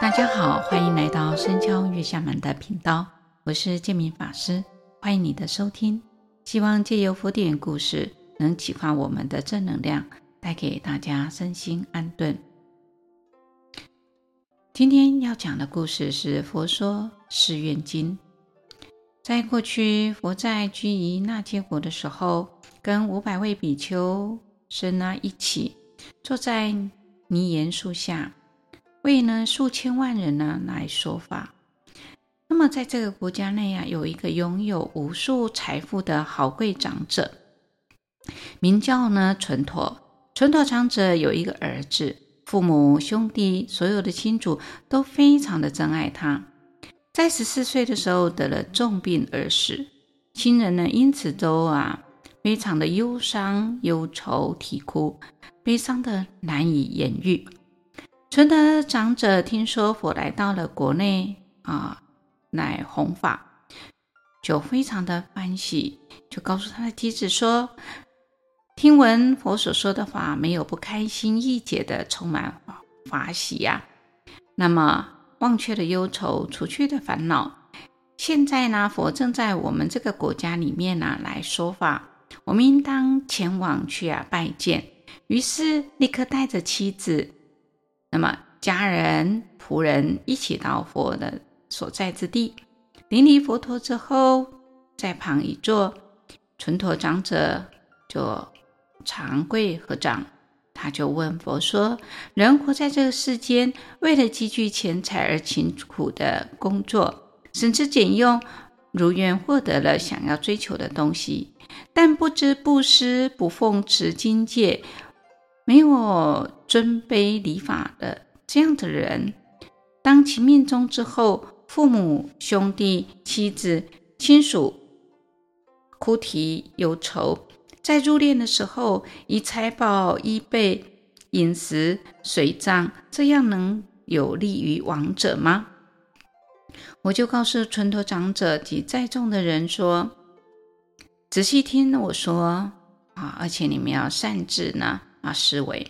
大家好，歡迎來到僧敲月下門的頻道，我是建明法師，歡迎你的收聽。希望借由佛典故事，能啟發我們的正能量，帶給大家身心安頓。今天要講的故事是《佛說四願經》。在過去，佛在拘夷那竭國的時候，跟五百位比丘、僧啊一起，坐在尼延樹下。為呢數千萬人呢來說法，那麼在這個國家內啊，有一個擁有無數財富的豪貴長者，名叫呢純陀。純陀長者有一個兒子，父母兄弟所有的親族都非常的珍愛他。在十四歲的時候得了重病而死，親人呢因此都啊非常的憂傷、憂愁、啼哭，悲傷的難以言喻。純陀長者聽說佛來到了國內啊，來弘法，就非常的歡喜，就告訴他的妻子說：“聽聞佛所說的話，沒有不開心、意解的，充滿法喜呀、啊。那麼忘卻了憂愁，除去的煩惱，現在呢，佛正在我們這個國家裡面呢、啊、來說法，我們應當前往去啊拜見。”於是立刻帶着妻子。那麼，家人、僕人一起到佛的所在之地，臨離佛陀之後，在旁一坐。純陀長者就常規和長跪合掌，他就問佛說：“人活在這個世間，為了積聚錢財而勤苦的工作，省吃儉用，如願獲得了想要追求的東西，但不知布施、不奉持經戒，沒有。”尊卑禮法的這樣的人，當其命終之後，父母、兄弟、妻子、親屬哭啼憂愁，在入殮的時候，以財寶、衣被、飲食、隨葬，這樣能有利於亡者嗎？我就告訴純陀長者及在眾的人說：“仔細聽我說啊，而且你們要善自呢啊思維。”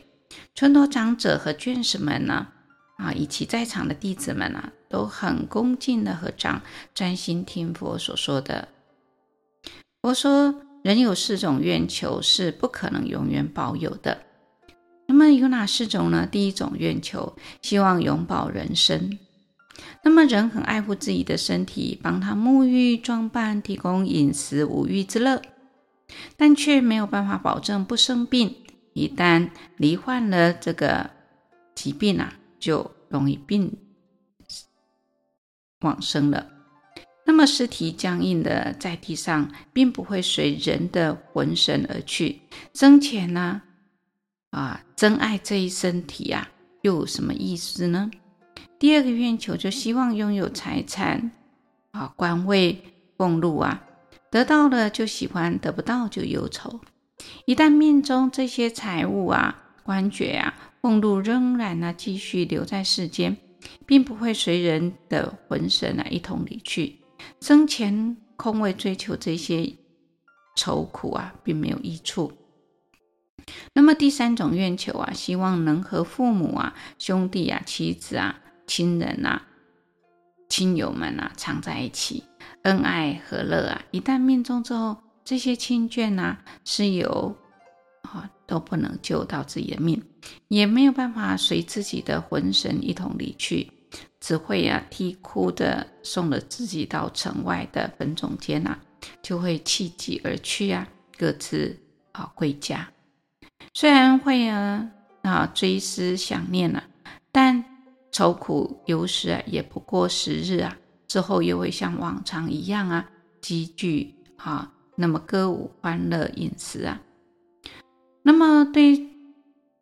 純陀長者和眷屬們呢、啊？啊，以及在場的弟子們呢、啊，都很恭敬的合掌，專心聽佛所說的。佛說，人有四種願求是不可能永遠保有的。那麼有哪四種呢？第一種願求，希望永保人身。那麼人很愛護自己的身體，幫他沐浴、裝扮，提供飲食、五欲之樂，但卻沒有辦法保證不生病。一旦罹患了這個疾病啊，就容易病往生了。那麼屍體僵硬的在地上，並不會隨人的魂神而去。生前呢、啊？啊，珍愛這一身體啊，又有什麼意思呢？第二個願求就希望擁有財產啊、官位、俸祿啊，得到了就喜歡，得不到就憂愁。一旦命終這些財物啊、官爵啊、俸祿，仍然呢、啊、繼續留在世間，並不會隨人的魂神啊一同離去。生前空為追求這些愁苦啊，並沒有益處。那麼第三種願求啊，希望能和父母啊、兄弟啊、妻子啊、親人啊、親友們啊常在一起，恩愛和樂啊。一旦命終之後。這些親眷吶，師友啊，都不能救到自己的命，也沒有辦法隨自己的魂神一同離去，只會呀、啊、啼哭的送了自己到城外的墳塚間吶、啊，就會棄己而去啊，各自啊歸家。雖然會啊啊追思想念吶、啊，但愁苦有時、啊、也不過十日啊，之後又會像往常一樣啊積聚啊。那麼歌舞歡樂飲食啊，那麼對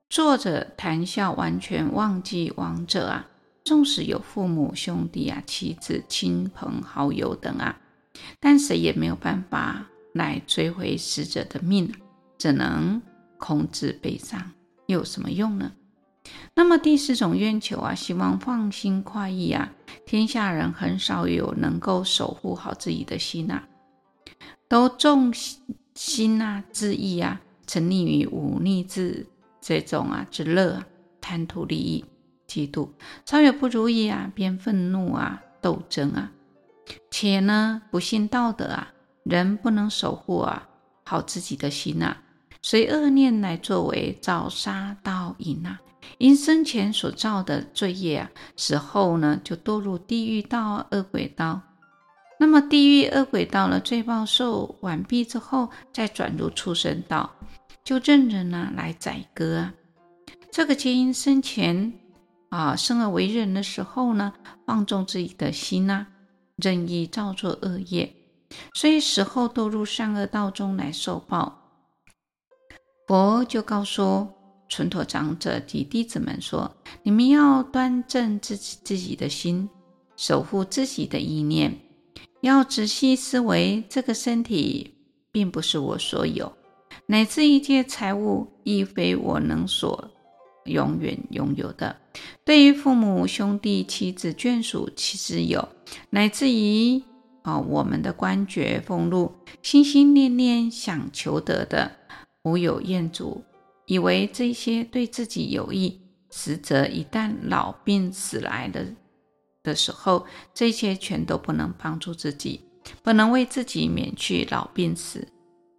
坐著談笑，完全忘記亡者啊。縱使有父母兄弟啊、妻子親朋好友等啊，但誰也沒有辦法來追回死者的命、啊，只能空自悲傷，又有什麼用呢？那麼第四種願求啊，希望放心快意啊，天下人很少有能夠守護好自己的心吶、啊。都縱心啊、恣意啊，沉溺於五欲之這種啊之樂，貪圖利益、嫉妒，稍有不如意啊，便憤怒啊、鬥爭啊，且呢不信道德啊，人不能守護啊好自己的心啊，隨惡念來作為造殺盜淫啊，因生前所造的罪業啊，死後呢就墮入地獄道、啊，餓鬼道。那麼地獄餓鬼到了罪報受完畢之後，再轉入畜生道，就任人呢、啊、來宰割。這個皆因生前啊生而為人的時候呢，放縱自己的心吶、啊，任意造作惡業，所以死後墮入善惡道中來受報。佛就告訴純陀長者及弟子們說：“你們要端正自己自己的心，守護自己的意念。”要仔細思維，這個身體並不是我所有，乃至一切財物亦非我能所永遠擁有的。對於父母、兄弟、妻子、眷屬、師友，乃至於啊、哦、我們的官爵俸祿，心心念念想求得的，無有厭足，以為這些對自己有益，實則一旦老病死來的。的時候，這些全都不能幫助自己，不能為自己免去老病死。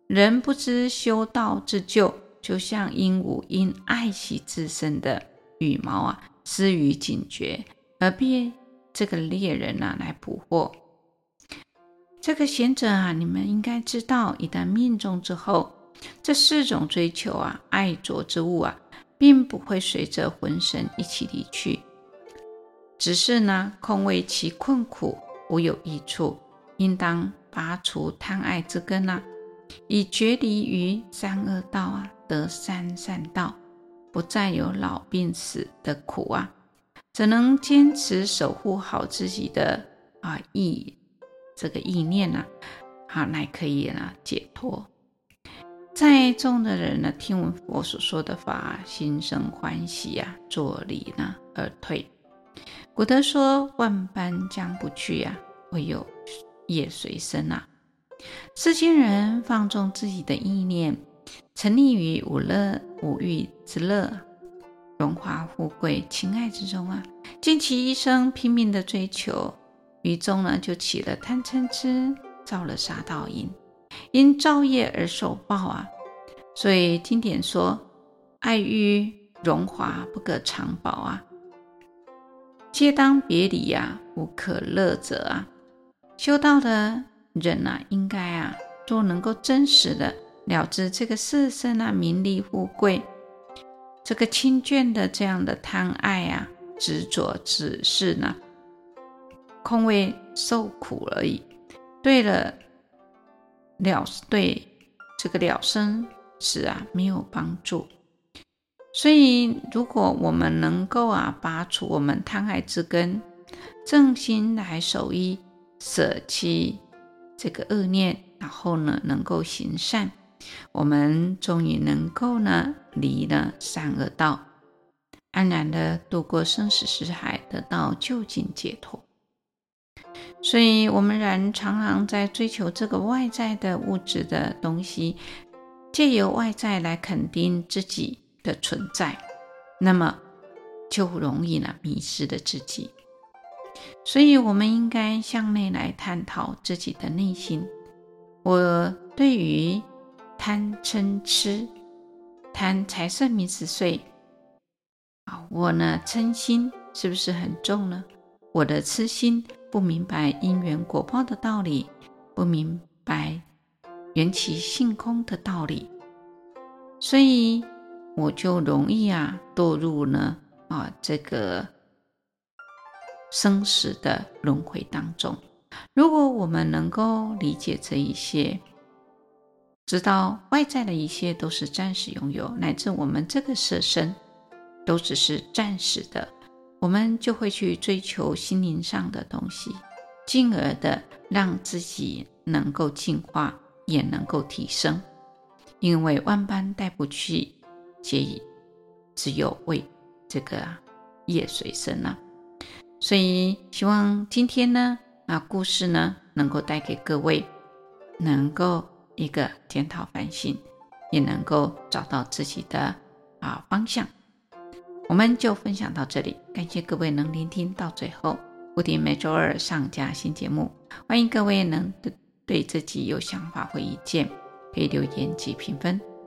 人不知修道自救，就像鸚鵡因愛惜自身的羽毛啊，失於警覺，而被這個獵人啊來捕獲。這個賢者啊，你們應該知道，一旦命終之後，這四種追求啊，愛着之物啊，並不會隨着魂神一起離去。只是呢，空為其困苦，無有益處，應當拔除貪愛之根吶、啊，以絕離於三惡道啊，得三善道，不再有老病死的苦啊，只能堅持守護好自己的啊意這個意念吶、啊，好、啊，乃可以呢解脫。在眾的人呢，聽聞佛所說的法，心生歡喜呀、啊，作禮呢而退。古德說：“萬般將不去呀、啊，唯有業隨身吶、啊。”世間人放縱自己的意念，沉溺於五樂、五欲之樂、榮華富貴、情愛之中啊，盡其一生拼命的追求，於中呢就起了貪嗔癡，造了殺盜淫，因造業而受報啊。所以經典說：“愛欲榮華不可常保啊。”皆當別離呀、啊，無可樂者啊。修道的人吶、啊，應該啊，都能夠真實的了知這個色身啊、名利富貴、這個親眷的這樣的貪愛啊、執着只是呢，空為受苦而已。對了，了對這個了生死啊，沒有幫助。所以，如果我們能夠啊，拔除我們貪愛之根，正心來守意，捨棄這個惡念，然後呢，能夠行善，我們終於能夠呢離了三惡道，安然的度過生死時海，得到究竟解脫。所以，我們人常常在追求這個外在的物質的東西，借由外在來肯定自己。的存在，那麼就容易呢迷失了自己，所以我們應該向內來探討自己的內心。我對於貪嗔痴、貪財色名食睡，啊，我呢嗔心是不是很重呢？我的痴心不明白因緣果報的道理，不明白緣起性空的道理，所以。我就容易啊墮入呢啊這個生死的輪迴當中。如果我們能夠理解這一些，知道外在的一些都是暫時擁有，乃至我們這個色身都只是暫時的，我們就會去追求心靈上的東西，進而的讓自己能夠進化，也能夠提升，因為萬般帶不去。皆已，只有為這個業隨身了，所以希望今天呢，啊故事呢，能夠帶給各位，能夠一個檢討反省，也能夠找到自己的啊方向。我們就分享到這裡，感謝各位能聆聽到最後。不停每周二上架新節目，歡迎各位能對對自己有想法或意見，可以留言及評分。